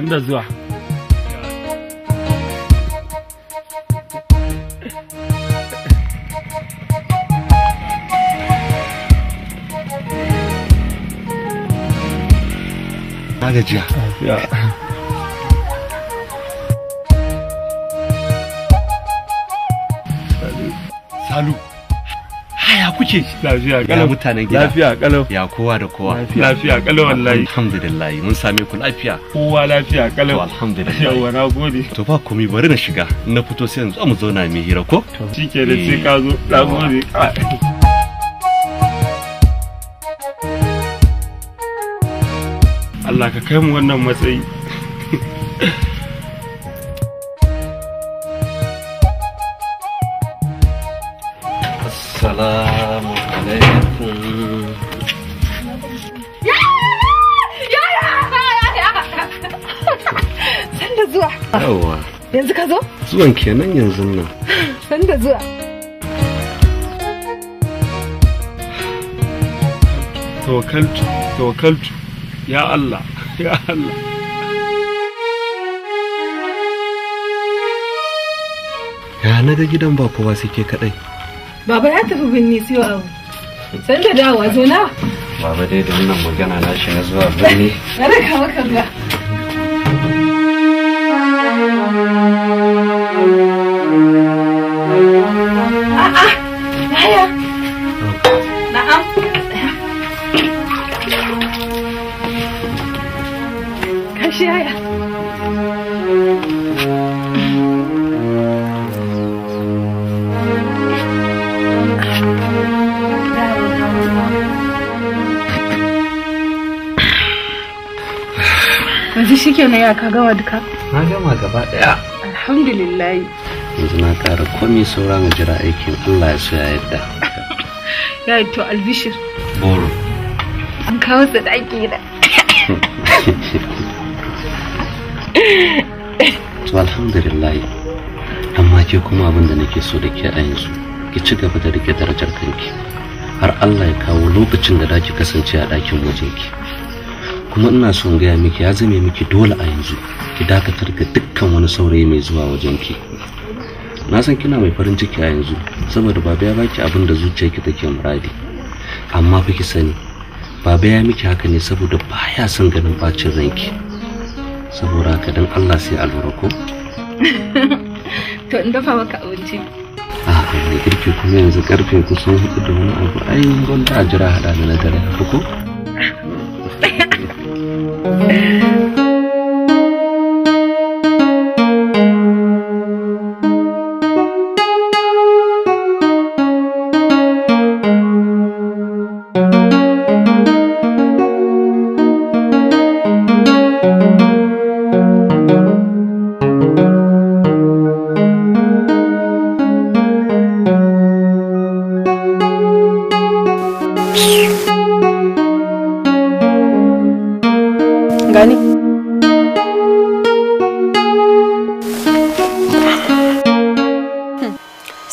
anda zuwa na gajiya salu yaya kuke lafiya kalau mutanen gida lafiya kalau ya kowa da kowa lafiya kalau wallahi alhamdulillah mun same ku lafiya kowa lafiya kalau to alhamdulillah yawa na gode to ba komai bari na shiga na fito sai yanzu mu zauna mai hira ko shike da sai ka zo na eh, gode Allah ka kai mu wannan matsayi السلام عليكم Sanda zuwa. Yawa. Yanzu ka zo? Zuwan kenan yanzu nan. Sanda zuwa. Tawakaltu, tawakaltu. Ya Allah, ya Allah. Ya na ga gidan ba kowa sai ke kaɗai. Baba ya tafi birni siyo abu. Sanda da dawowa zo na. Baba dai da wannan magana na shi na zuwa birni. raka maka ba wannan ya ka gama duka na gama gaba daya alhamdulillah yanzu na ƙara komai saura na jira aikin allah ya so ya yadda ya yi to albishir boro an kawo su ake da. to alhamdulillah amma ke kuma abin da nake so da ke a yanzu ki ci gaba da rike darajar kanki har allah ya kawo lokacin da ki kasance a ɗakin mijinki kuma ina son gaya miki ya zame miki dole a yanzu ki dakatar da dukkan wani saurayi mai zuwa wajen ki na san kina mai farin ciki a yanzu saboda baba ya baki abin da ki take muradi amma fa ki sani baba ya miki haka ne saboda baya son ganin bacin ranki saboda haka dan Allah sai a ko to in dafa maka abinci a'a mai girki kuma yanzu karfe kusan hudu da wani abu ai gwanda a jira hada da na dare ko you.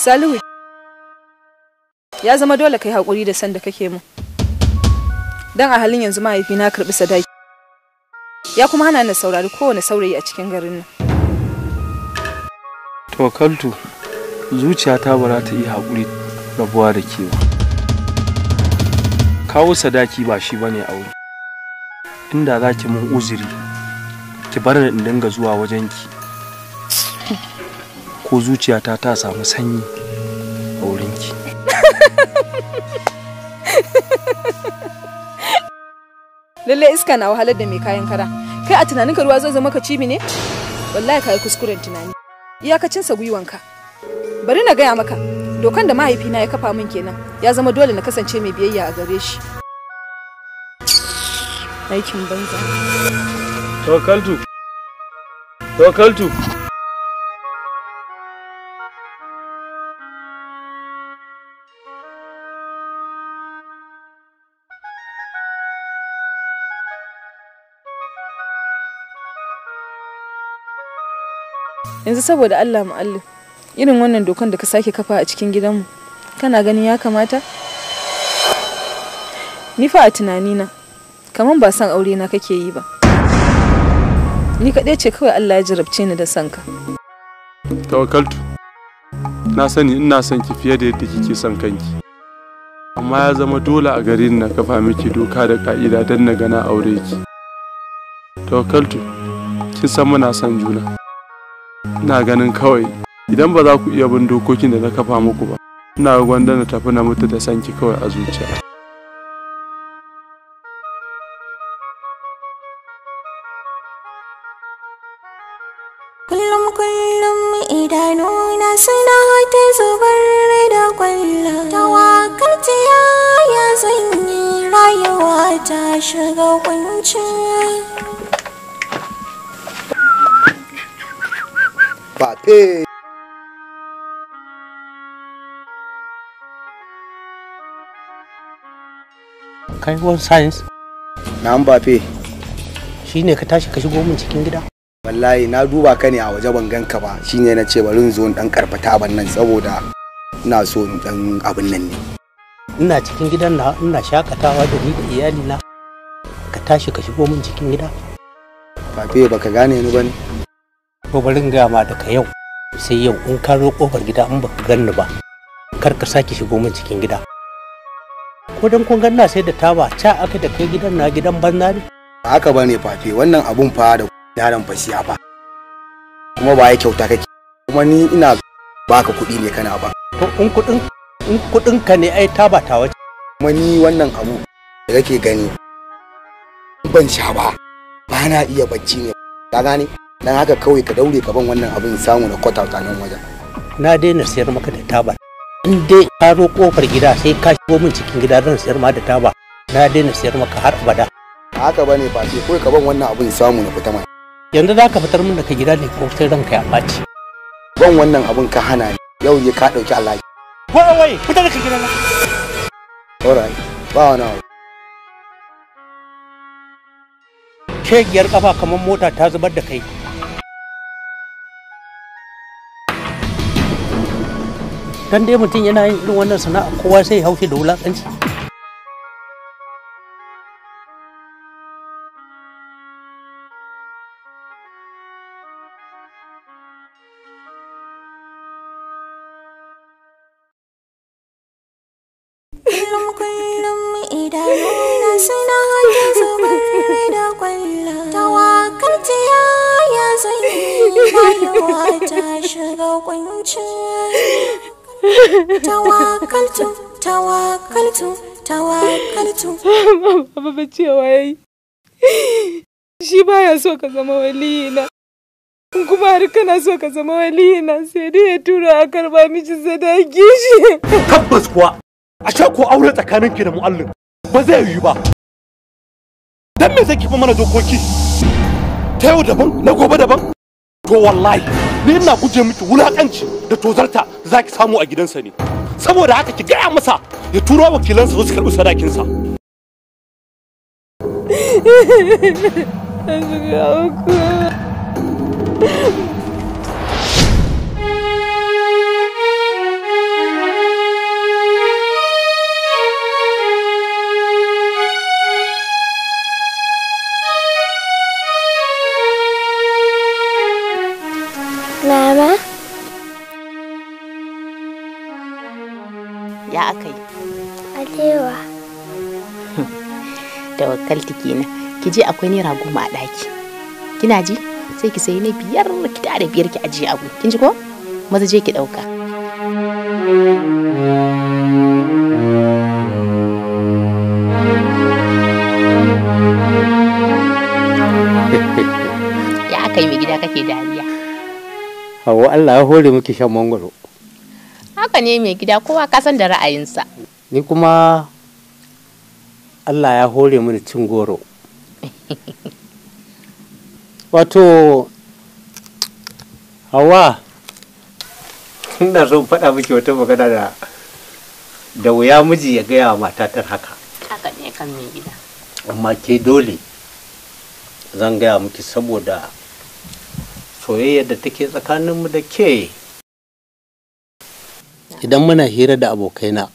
Salihu ya zama dole kai haƙuri da san da kake mu. Dan a halin yanzu mahaifi na karɓi sadaki. Ya kuma hana ni saurari kowane saurayi a cikin garin nan. kaltu zuciyata ba za ta iya haƙuri rabuwa da kewa. Kawo sadaki ba shi bane aure. Inda za ki mun uzuri ki bar ni in dinga zuwa wajenki ko zuciyata ta samu sanyi a wurinki lallai iska na wahalar da mai kayan kara kai a tunanin ka ruwa zai zama ka cibi ne wallahi ka yi kuskuren tunani iyakacinsa gwiwanka bari na gaya maka dokan da mahaifina ya kafa min kenan ya zama dole na kasance mai biyayya a gare shi aikin banza tokaltu tokaltu yanzu saboda allah mu'allim irin wannan dokan da ka sake kafa a cikin gidanmu kana ganin ya kamata ni fa a tunanina kamar ba san aure na kake yi ba ni kaɗai ce kawai allah ya jarabce ni da sanka tawakaltu na sani ina son ki fiye da yadda kike son kanki amma ya zama dole a garin na kafa miki doka da ka'ida don na gana aure ki tawakaltu kin san muna son juna ina ganin kawai idan ba za ku iya bin dokokin da na kafa muku ba ina gwanda na tafi na mutu da sanki kawai a zuciya kullum kullum idanuna suna ta zubar da kwallo tawakalciya ya zanyi rayuwa ta shiga kunci Pape. Kai wani science? Na Mbappe. Shi ne ka tashi ka shigo min cikin gida? Wallahi na duba ka ne a waje ban ganka ba shine na ce bari zo dan karfata ban nan saboda ina so in dan abin nan ne. Ina cikin gidan na ina shakatawa da ni da iyali na. Ka tashi ka shigo min cikin gida? Pape baka gane ni bane. to bari in gaya ma daga yau sai yau in ka zo kofar gida in baka ganni ba kar ka sake shigo min cikin gida ko dan kun ganna sai da taba ca aka da kai gidan na gidan banza ne haka bane fafe wannan abun fa da yaran fasiya fa kuma ba ya kyauta kake kuma ni ina baka kuɗi ne kana ba to in kuɗin in kuɗin ka ne ai taba ta wace kuma ni wannan abu da kake gani ban sha ba ba na iya bacci ne ka gane dan haka kawai ka daure ka ban wannan abin samu na kwata kanin wajen na daina sayar maka da taba in dai ka zo kofar gida sai ka shigo min cikin gida zan sayar ma da taba na daina sayar maka har abada haka bane ba sai kawai ka ban wannan abin samu na fita yanzu za ka fitar min daga gida ne ko sai ranka ya ɓaci ban wannan abin ka hana ni yau ne ka ɗauki alhaji wai wai fita daga gidan na alright ba wani abu giyar kafa kamar mota ta zubar da kai dan dia mesti yana irin wannan sana'a kowa sai ya haushi da wulakanci ta shiga kwancin tawakaltu tawakaltu tawakaltu. Baba ba cewa yayi. Shi baya so ka zama waliyina. kuma har kana so ka zama waliyina sai dai ya tura a karba miji sadaki shi. Tabbas kuwa, a sha ko aure tsakaninki da mu'allin ba zai yi ba. Dan me zai kifa mana dokoki? Ta yau daban, na gobe daban, to wallahi ni ina guje miki wulakanci da tozarta za ki samu a gidansa ne saboda haka ki gaya masa ya turo wakilansa su karɓi sadakinsa sa ya aka yi alewa tawakkalti kenan ki je akwai naira goma a ɗaki kina ji sai ki sayi na biyar ki da biyar ki ajiye abu kin ji ko maza je ki ɗauka ya aka yi mai gida kake dariya hawa Allah ya hore muke shan mangoro. haka ne mai gida kowa ka san da ra'ayinsa ni kuma Allah ya hore mini cin goro wato hawa ina zo faɗa miki wata magana da da wuya miji ya gaya wa matatar haka haka ne kan mai gida amma ke dole zan gaya miki saboda soyayyar da take tsakaninmu da ke idan muna hira da abokaina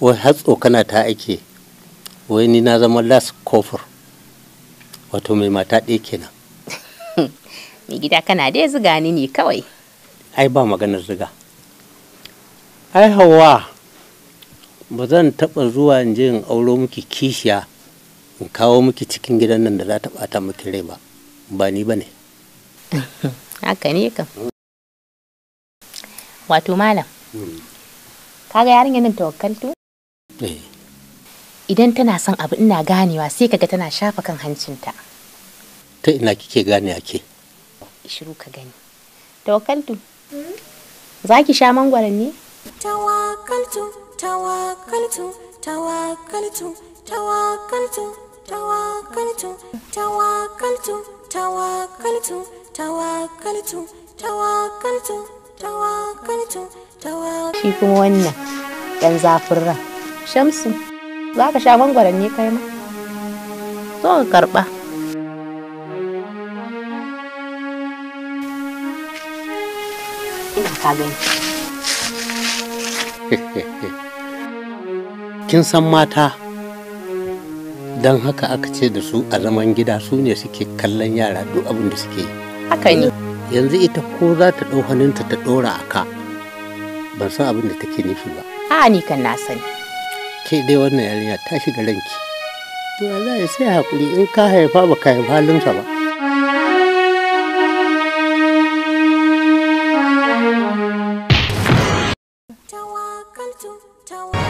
wai har tsokana ta ake wai ni na zama las kofur wato mai mata ɗaya kenan mai gida kana dai ziga ni ne kawai ai ba maganar ziga ai hawa ba zan taɓa zuwa in je in auro miki kishiya in kawo miki cikin gidan nan da za ta ɓata miki rai ba ba ni ba ne haka ne kam wato malam Hmm. kaga yarinyar nan tawakkaltu eh. idan tana son abu ina ganewa sai kaga tana shafa kan hancinta ta ina kike gane ake shiru ka gani tawakkaltu za ki sha mangwaran ne tawakkaltu tawakkaltu tawakkaltu tawakkaltu tawakkaltu tawakkaltu tawakkaltu tawakkaltu tawakkaltu tawakkaltu shi kuma wannan ɗan zafin ran shamsu za ka sha mangwaron ne kai ma zo ka karɓa ina ka gani kin san mata don haka aka ce da su a zaman gida su ne suke kallon yara duk abin da suke yi haka ne yanzu ita ko za ta ɗau hannunta ta ɗora a ka ban san abin da take nufi ba a ni kan na sani ke dai wannan yarinya ta shiga ranki to za ya sai hakuri in ka haifa ba ka haifa halinsa ba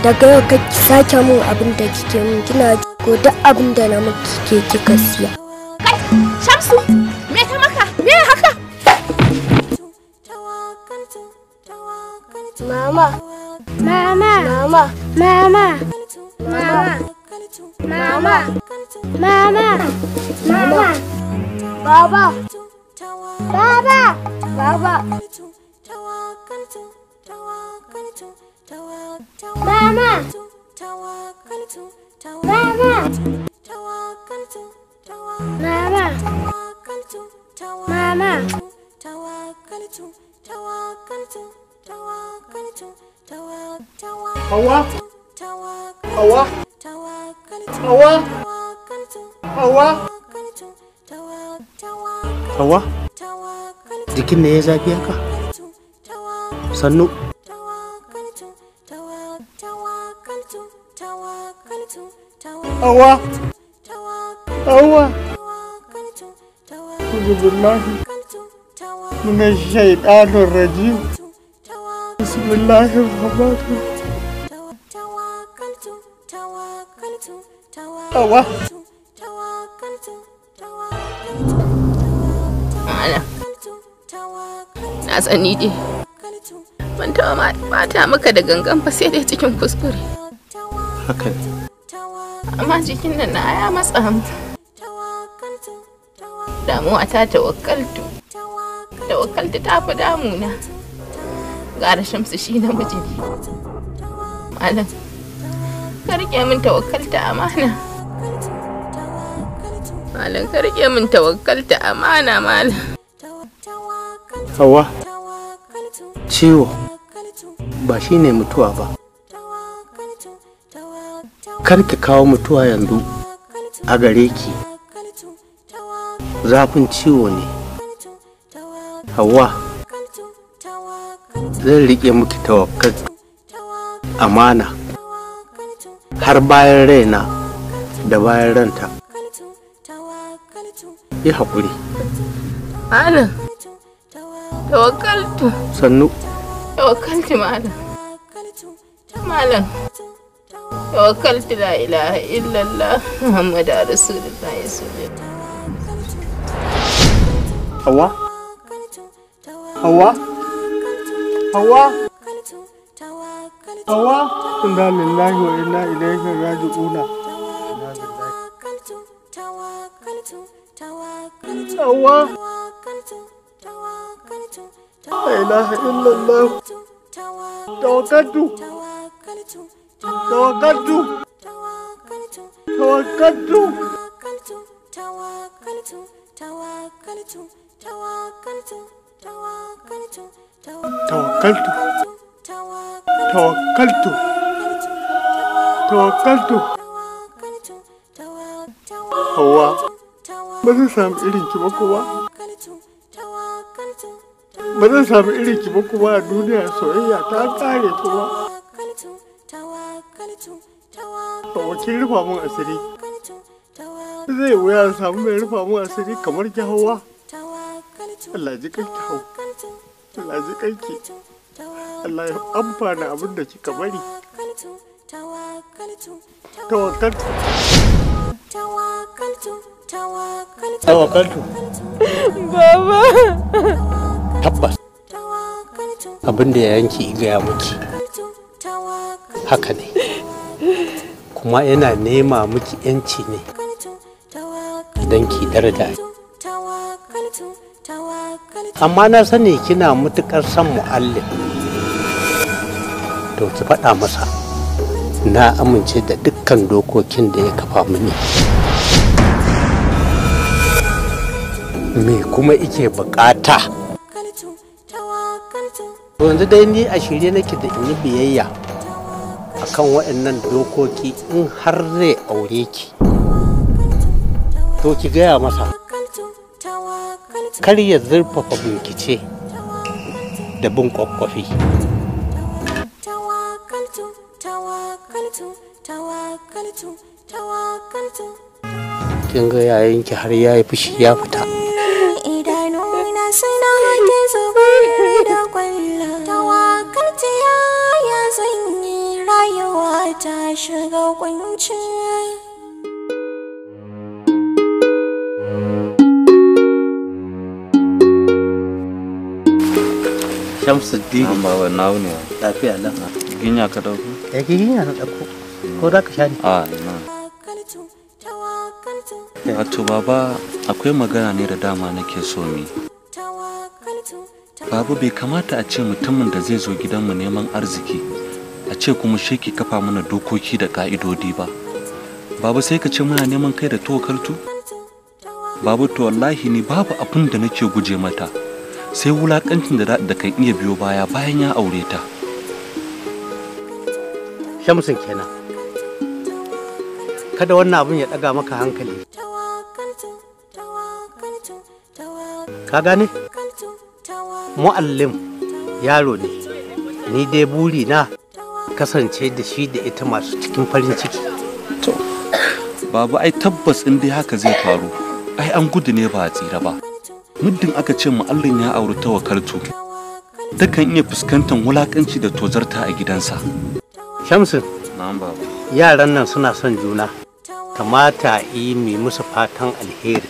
daga yau kake sake mun abin da kike mun kina ko duk abin da na muke kika siya Mama. Mama. Mama. Mama. Mama. Mama. Baba. Baba. Baba. Mama. Mama. Mama. Mama. Mama. Hawa? Hawa? Hawa? Hawa? Hawa? Jikin ne ya zafi haka? Sannu? Hawa? Hawa? Kudu Mun shaitanin rajim. bismillahi rahmanu na sani dai ban taɓa mata maka da gangan ba sai dai cikin kuskure haka amma jikin nan na ya matsa damuwa ta tawakkaltu tawakkaltu ta fi damuna gara shamsu shi namiji ne malam karke rike min tawakkalta amana malam karke rike min tawakkalta amana malam hawa ciwo ba shi ne mutuwa ba kar ki kawo mutuwa yanzu a gare ki zafin ciwo ne hawa zan riƙe miki tawakkal amana har bayan raina da bayan ranta yi haƙuri ana tawakkaltu sannu tawakkaltu malam malam tawakkaltu la ilaha illallah muhammadu rasulullahi rasulullah ya hawa hawa hawa hawa inna lillahi wa inna ilaihi raji'una hawa la ilaha illallah tawakkaltu tawakkaltu tawakkaltu tawakkaltu tawakkaltu tawakkaltu tawakkaltu tawakkaltu tawakkaltu tawakkaltu hawa ba zan samu irin ki ba kuma ba zan samu irin ki ba kuma a duniya soyayya ta kare kuma Hawa kin rufa mun asiri zai wuya a samu mai rufa mun asiri kamar ki hawa Allah ji kan ki hau Allah kanki Allah ya amfana abin da kika bari tawakkaltu tawakkaltu baba tabbas abin da yayanki gaya miki haka ne kuma yana nema miki yanci ne idan ki darda amma na sani kina mutukar son mu'allim to ki faɗa masa na amince da dukkan dokokin da ya kafa mini me kuma ike bukata yanzu dai ni a shirye nake da in yi biyayya akan waɗannan dokoki in har zai aure ki to ki gaya masa kar ya zurfafa bincike da bin kwakwafi kin ga yayin ki har yayi fushi ya fita idanuna suna hade zubar da kwalla tawakalci ya ya zanyi rayuwa ta shiga kunci shamsuddin amma lafiya ginya ka dauko eh, ginya na dauko ko ka sha a ah, na wato baba akwai magana ne da dama nake so mi babu bai kamata a ce mutumin da zai zo gidanmu neman arziki a ce kuma shi ke kafa mana dokoki da ka'idodi ba babu sai ka ce muna neman kai da tokaltu babu to wallahi ni babu abin da nake guje mata sai wulaƙancin da da kan iya biyo baya bayan ya aure ta shamsun kenan kada wannan abin ya ɗaga maka hankali ka gane mu'allim yaro ne ni dai buri na kasance da shi da ita masu cikin farin ciki babu ai tabbas in dai haka zai faru ai an gudu ne ba a tsira ba muddin aka ce mu'allin ya auri tawakaltu kan iya fuskantar wulakanci da tozarta a gidansa shamsu yaran nan suna son juna kamata yi mai musu fatan alheri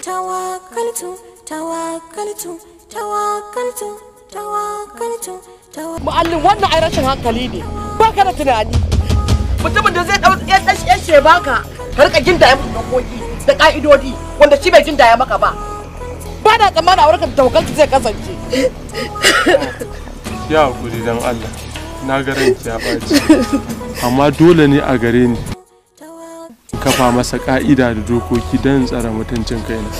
mu'allin wannan ai rashin hankali ne baka da tunani mutumin da zai ɗau yan ɗan shi baka ka rika jin da ya da ƙa'idodi wanda shi bai jin da ya maka ba ba na tsammanin a wurin tawakkalci zai kasance ya hakuri dan Allah na ga ranki ya ɓaci amma dole ne a gare ni kafa masa ka'ida da dokoki don tsara mutuncin kaina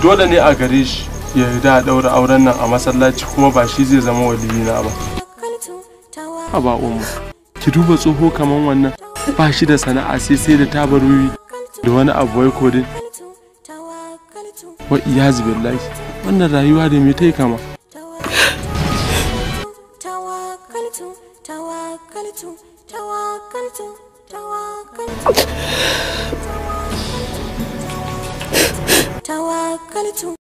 dole ne a gare shi ya yarda a ɗaura auren nan a masallaci kuma ba shi zai zama na ba haba umma ki duba tsoho kamar wannan ba shi da sana'a sai sai da tabarwi da wani abu wai kodin wa iyazu billahi wannan rayuwa da me ta yi kama tawakkaltu